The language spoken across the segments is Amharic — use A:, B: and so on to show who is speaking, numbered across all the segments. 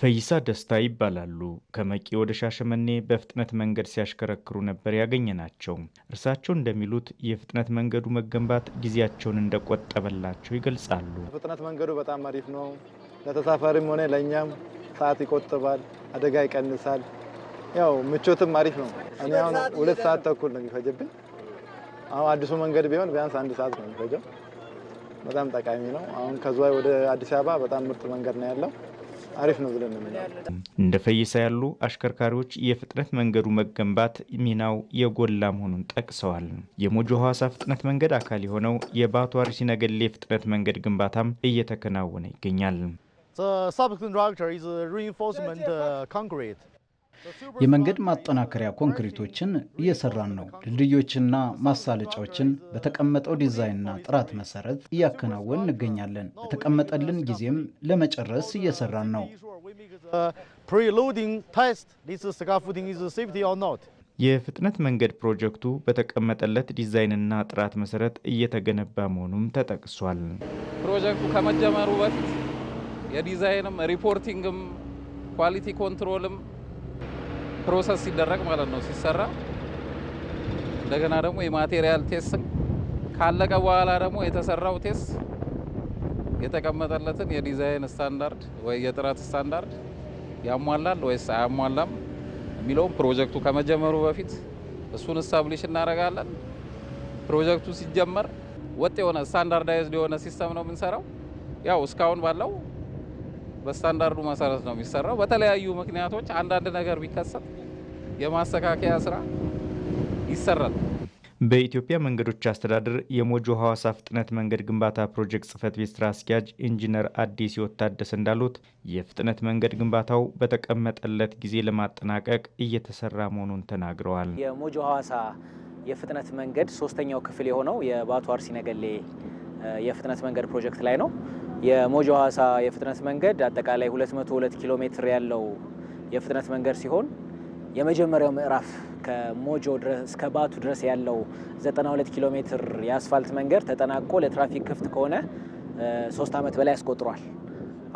A: ፈይሳ ደስታ ይባላሉ። ከመቂ ወደ ሻሸመኔ በፍጥነት መንገድ ሲያሽከረክሩ ነበር ያገኘ ናቸው። እርሳቸው እንደሚሉት የፍጥነት መንገዱ መገንባት ጊዜያቸውን እንደቆጠበላቸው ይገልጻሉ።
B: ፍጥነት መንገዱ በጣም አሪፍ ነው። ለተሳፋሪም ሆነ ለእኛም ሰዓት ይቆጥባል፣ አደጋ ይቀንሳል። ያው ምቾትም አሪፍ ነው። እኔ አሁን ሁለት ሰዓት ተኩል ነው የሚፈጀብኝ። አሁን አዲሱ መንገድ ቢሆን ቢያንስ አንድ ሰዓት ነው የሚፈጀው። በጣም ጠቃሚ ነው። አሁን ከዝዋይ ወደ አዲስ አበባ በጣም ምርጥ መንገድ ነው ያለው። አሪፍ ነው ብለን
A: እንደ ፈይሳ ያሉ አሽከርካሪዎች የፍጥነት መንገዱ መገንባት ሚናው የጎላ መሆኑን ጠቅሰዋል። የሞጆ ሐዋሳ ፍጥነት መንገድ አካል የሆነው የባቱ አርሲ ነገሌ የፍጥነት መንገድ ግንባታም እየተከናወነ ይገኛል። የመንገድ ማጠናከሪያ ኮንክሪቶችን እየሰራን ነው። ድልድዮችና ማሳለጫዎችን በተቀመጠው ዲዛይንና ጥራት መሰረት እያከናወን እንገኛለን። በተቀመጠልን ጊዜም ለመጨረስ እየሰራን ነው። የፍጥነት መንገድ ፕሮጀክቱ በተቀመጠለት ዲዛይንና ጥራት መሰረት እየተገነባ መሆኑም ተጠቅሷል።
C: ፕሮጀክቱ ከመጀመሩ በፊት የዲዛይንም ሪፖርቲንግም ኳሊቲ ኮንትሮልም ፕሮሰስ ሲደረግ ማለት ነው ሲሰራ እንደገና ደግሞ የማቴሪያል ቴስት ካለቀ በኋላ ደግሞ የተሰራው ቴስት የተቀመጠለትን የዲዛይን ስታንዳርድ ወይ የጥራት ስታንዳርድ ያሟላል ወይስ አያሟላም የሚለውም ፕሮጀክቱ ከመጀመሩ በፊት እሱን እስታብሊሽ እናደርጋለን። ፕሮጀክቱ ሲጀመር ወጥ የሆነ ስታንዳርዳይዝድ የሆነ ሲስተም ነው የምንሰራው። ያው እስካሁን ባለው በስታንዳርዱ መሰረት ነው የሚሰራው። በተለያዩ ምክንያቶች አንዳንድ ነገር ቢከሰት የማስተካከያ ስራ ይሰራል።
A: በኢትዮጵያ መንገዶች አስተዳደር የሞጆ ሐዋሳ ፍጥነት መንገድ ግንባታ ፕሮጀክት ጽህፈት ቤት ስራ አስኪያጅ ኢንጂነር አዲስ ይወታደስ እንዳሉት የፍጥነት መንገድ ግንባታው በተቀመጠለት ጊዜ ለማጠናቀቅ እየተሰራ መሆኑን ተናግረዋል።
D: የሞጆ ሐዋሳ የፍጥነት መንገድ ሶስተኛው ክፍል የሆነው የባቱ አርሲ ነገሌ የፍጥነት መንገድ ፕሮጀክት ላይ ነው። የሞጆ ሀዋሳ የፍጥነት መንገድ አጠቃላይ 202 ኪሎ ሜትር ያለው የፍጥነት መንገድ ሲሆን የመጀመሪያው ምዕራፍ ከሞጆ እስከ ባቱ ድረስ ያለው 92 ኪሎ ሜትር የአስፋልት መንገድ ተጠናቆ ለትራፊክ ክፍት ከሆነ ሶስት ዓመት በላይ አስቆጥሯል።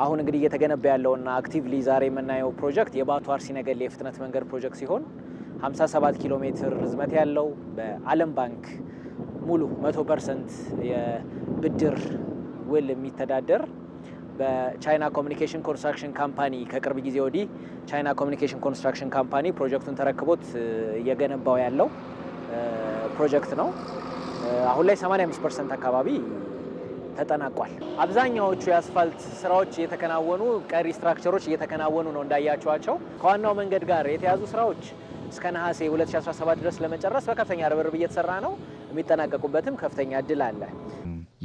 D: አሁን እንግዲህ እየተገነባ ያለውና አክቲቭሊ ዛሬ የምናየው ፕሮጀክት የባቱ አርሲ ነገሌ የፍጥነት መንገድ ፕሮጀክት ሲሆን 57 ኪሎ ሜትር ርዝመት ያለው በዓለም ባንክ ሙሉ 100 ፐርሰንት የብድር ውል የሚተዳደር በቻይና ኮሚኒኬሽን ኮንስትራክሽን ካምፓኒ ከቅርብ ጊዜ ወዲህ ቻይና ኮሚኒኬሽን ኮንስትራክሽን ካምፓኒ ፕሮጀክቱን ተረክቦት እየገነባው ያለው ፕሮጀክት ነው። አሁን ላይ 85 ፐርሰንት አካባቢ ተጠናቋል። አብዛኛዎቹ የአስፋልት ስራዎች እየተከናወኑ፣ ቀሪ ስትራክቸሮች እየተከናወኑ ነው። እንዳያቸዋቸው ከዋናው መንገድ ጋር የተያዙ ስራዎች እስከ ነሐሴ 2017 ድረስ ለመጨረስ በከፍተኛ ርብርብ እየተሰራ ነው። የሚጠናቀቁበትም ከፍተኛ እድል አለ።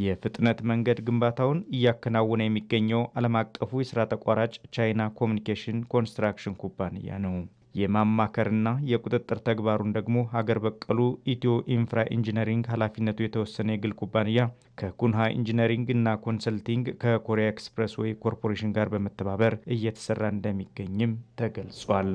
A: የፍጥነት መንገድ ግንባታውን እያከናወነ የሚገኘው ዓለም አቀፉ የሥራ ተቋራጭ ቻይና ኮሚኒኬሽን ኮንስትራክሽን ኩባንያ ነው። የማማከርና የቁጥጥር ተግባሩን ደግሞ ሀገር በቀሉ ኢትዮ ኢንፍራ ኢንጂነሪንግ ኃላፊነቱ የተወሰነ የግል ኩባንያ ከኩንሃ ኢንጂነሪንግ እና ኮንሰልቲንግ ከኮሪያ ኤክስፕሬስ ዌይ ኮርፖሬሽን ጋር በመተባበር እየተሰራ እንደሚገኝም ተገልጿል።